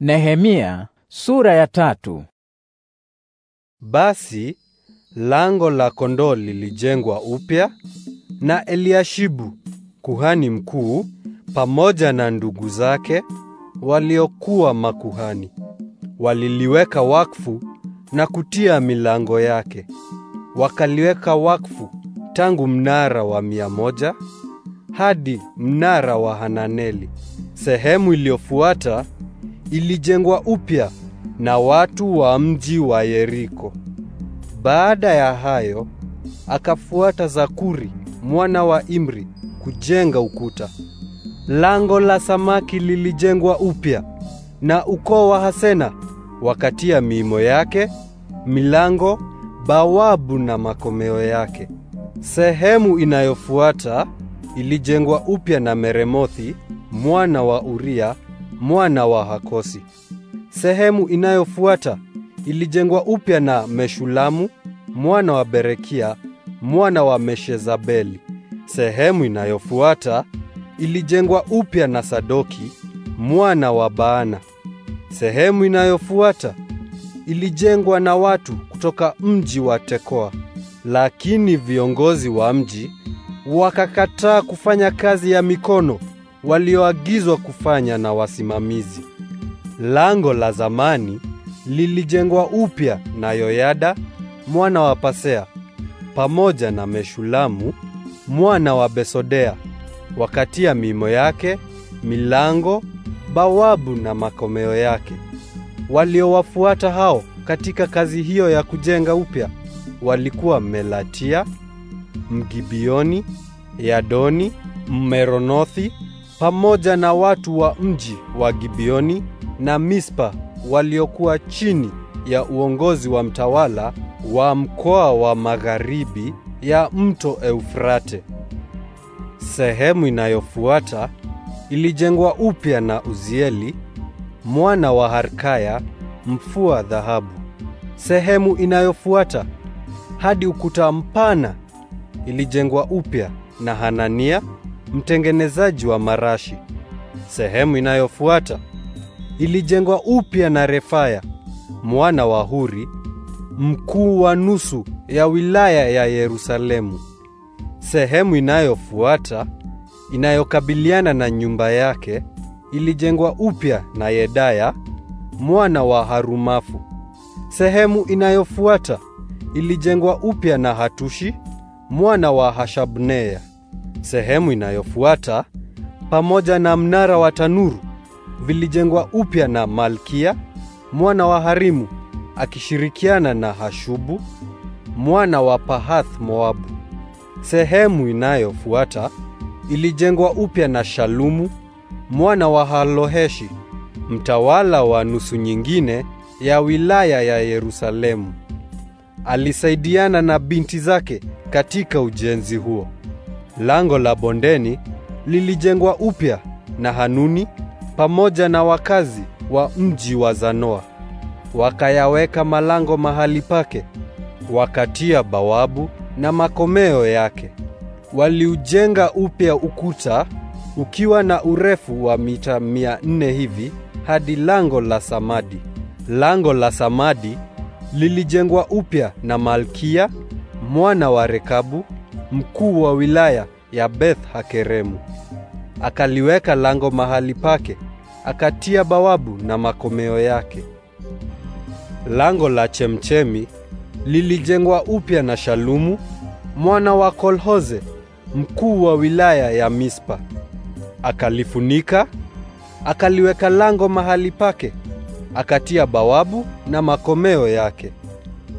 Nehemia sura ya tatu. Basi lango la kondoo lilijengwa upya na Eliashibu kuhani mkuu pamoja na ndugu zake waliokuwa makuhani. Waliliweka wakfu na kutia milango yake. Wakaliweka wakfu tangu mnara wa mia moja hadi mnara wa Hananeli. Sehemu iliyofuata ilijengwa upya na watu wa mji wa Yeriko. Baada ya hayo akafuata Zakuri mwana wa Imri kujenga ukuta. Lango la samaki lilijengwa upya, na ukoo wa Hasena wakatia miimo yake, milango, bawabu na makomeo yake. Sehemu inayofuata ilijengwa upya na Meremothi mwana wa Uria mwana wa Hakosi. Sehemu inayofuata ilijengwa upya na Meshulamu mwana wa Berekia mwana wa Meshezabeli. Sehemu inayofuata ilijengwa upya na Sadoki mwana wa Baana. Sehemu inayofuata ilijengwa na watu kutoka mji wa Tekoa, lakini viongozi wa mji wakakataa kufanya kazi ya mikono walioagizwa kufanya na wasimamizi. Lango la zamani lilijengwa upya na Yoyada mwana wa Pasea pamoja na Meshulamu mwana wa Besodea, wakatia mimo yake, milango, bawabu na makomeo yake. Waliowafuata hao katika kazi hiyo ya kujenga upya walikuwa Melatia, Mgibioni, Yadoni, Mmeronothi pamoja na watu wa mji wa gibioni na Mispa waliokuwa chini ya uongozi wa mtawala wa mkoa wa magharibi ya mto Eufrate. Sehemu inayofuata ilijengwa upya na Uzieli mwana wa Harkaya mfua dhahabu. Sehemu inayofuata hadi ukuta mpana ilijengwa upya na Hanania mtengenezaji wa marashi. Sehemu inayofuata ilijengwa upya na Refaya mwana wa Huri, mkuu wa nusu ya wilaya ya Yerusalemu. Sehemu inayofuata inayokabiliana na nyumba yake ilijengwa upya na Yedaya mwana wa Harumafu. Sehemu inayofuata ilijengwa upya na Hatushi mwana wa Hashabneya. Sehemu inayofuata pamoja na mnara wa tanuru vilijengwa upya na Malkia mwana wa Harimu akishirikiana na Hashubu mwana wa Pahath Moabu. Sehemu inayofuata ilijengwa upya na Shalumu mwana wa Haloheshi mtawala wa nusu nyingine ya wilaya ya Yerusalemu. Alisaidiana na binti zake katika ujenzi huo. Lango la Bondeni lilijengwa upya na Hanuni pamoja na wakazi wa mji wa Zanoa. Wakayaweka malango mahali pake, wakatia bawabu na makomeo yake. Waliujenga upya ukuta ukiwa na urefu wa mita mia nne hivi hadi lango la Samadi. Lango la Samadi lilijengwa upya na Malkia mwana wa Rekabu mkuu wa wilaya ya Beth Hakeremu. Akaliweka lango mahali pake, akatia bawabu na makomeo yake. Lango la chemchemi lilijengwa upya na Shalumu mwana wa Kolhoze, mkuu wa wilaya ya Mispa. Akalifunika, akaliweka lango mahali pake, akatia bawabu na makomeo yake.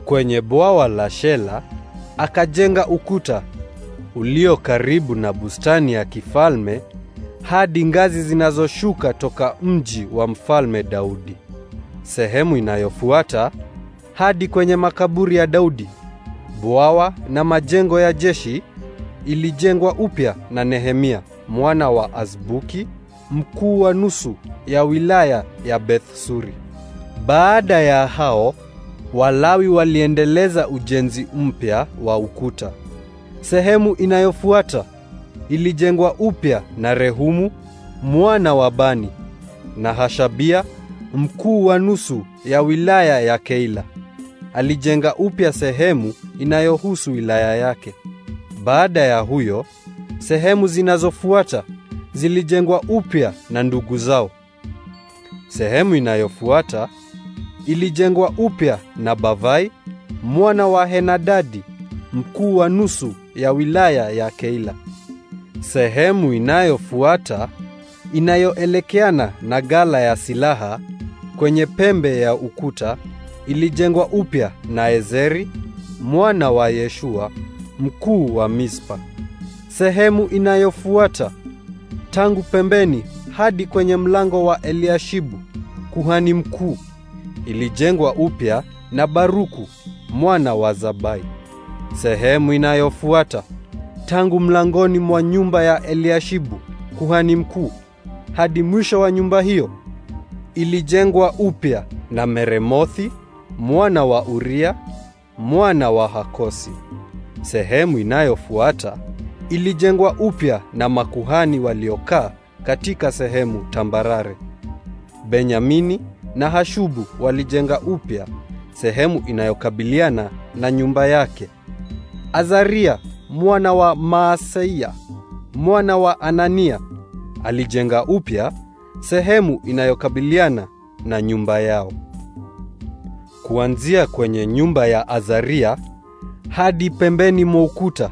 Kwenye bwawa la Shela akajenga ukuta ulio karibu na bustani ya kifalme hadi ngazi zinazoshuka toka mji wa mfalme Daudi. Sehemu inayofuata hadi kwenye makaburi ya Daudi, bwawa na majengo ya jeshi ilijengwa upya na Nehemia mwana wa Azbuki, mkuu wa nusu ya wilaya ya Bethsuri. Baada ya hao Walawi waliendeleza ujenzi mpya wa ukuta Sehemu inayofuata ilijengwa upya na Rehumu mwana wa Bani na Hashabia mkuu wa nusu ya wilaya ya Keila. Alijenga upya sehemu inayohusu wilaya yake. Baada ya huyo, sehemu zinazofuata zilijengwa upya na ndugu zao. Sehemu inayofuata ilijengwa upya na Bavai mwana wa Henadadi mkuu wa nusu ya wilaya ya Keila. Sehemu inayofuata inayoelekeana na gala ya silaha kwenye pembe ya ukuta ilijengwa upya na Ezeri mwana wa Yeshua mkuu wa Mispa. Sehemu inayofuata tangu pembeni hadi kwenye mlango wa Eliashibu kuhani mkuu ilijengwa upya na Baruku mwana wa Zabai. Sehemu inayofuata tangu mlangoni mwa nyumba ya Eliashibu kuhani mkuu hadi mwisho wa nyumba hiyo ilijengwa upya na Meremothi mwana wa Uria mwana wa Hakosi. Sehemu inayofuata ilijengwa upya na makuhani waliokaa katika sehemu tambarare. Benyamini na Hashubu walijenga upya sehemu inayokabiliana na nyumba yake. Azaria mwana wa Maaseia mwana wa Anania alijenga upya sehemu inayokabiliana na nyumba yao. Kuanzia kwenye nyumba ya Azaria hadi pembeni mwa ukuta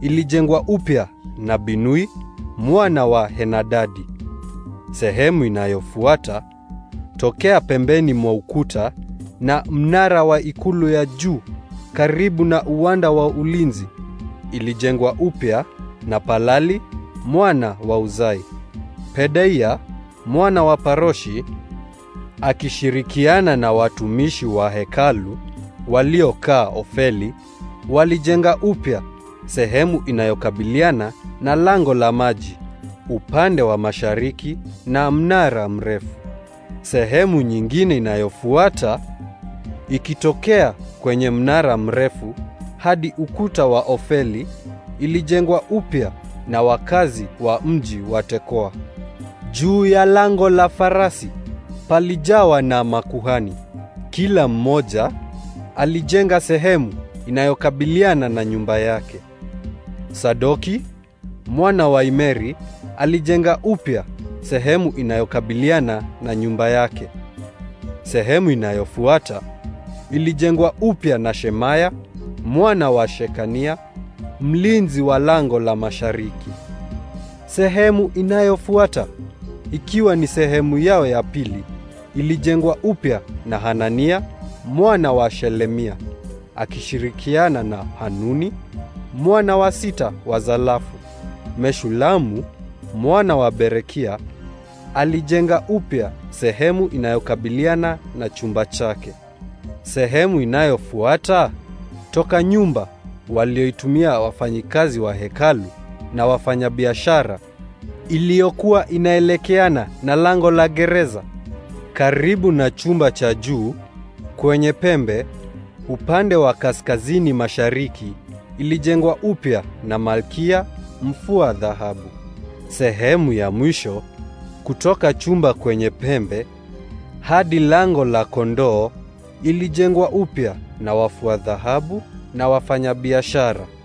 ilijengwa upya na Binui mwana wa Henadadi. Sehemu inayofuata tokea pembeni mwa ukuta na mnara wa ikulu ya juu karibu na uwanda wa ulinzi ilijengwa upya na Palali mwana wa Uzai, Pedaia mwana wa Paroshi akishirikiana na watumishi wa hekalu waliokaa Ofeli walijenga upya sehemu inayokabiliana na lango la maji upande wa mashariki na mnara mrefu. Sehemu nyingine inayofuata ikitokea kwenye mnara mrefu hadi ukuta wa Ofeli ilijengwa upya na wakazi wa mji wa Tekoa. Juu ya lango la farasi palijawa na makuhani. Kila mmoja alijenga sehemu inayokabiliana na nyumba yake. Sadoki mwana wa Imeri alijenga upya sehemu inayokabiliana na nyumba yake. Sehemu inayofuata ilijengwa upya na Shemaya mwana wa Shekania, mlinzi wa lango la mashariki. Sehemu inayofuata ikiwa ni sehemu yao ya pili ilijengwa upya na Hanania mwana wa Shelemia akishirikiana na Hanuni mwana wa sita wa Zalafu. Meshulamu mwana wa Berekia alijenga upya sehemu inayokabiliana na chumba chake. Sehemu inayofuata toka nyumba walioitumia wafanyikazi wa hekalu na wafanyabiashara iliyokuwa inaelekeana na lango la gereza, karibu na chumba cha juu kwenye pembe upande wa kaskazini mashariki, ilijengwa upya na Malkia mfua dhahabu. Sehemu ya mwisho kutoka chumba kwenye pembe hadi lango la kondoo ilijengwa upya na wafua dhahabu na wafanyabiashara.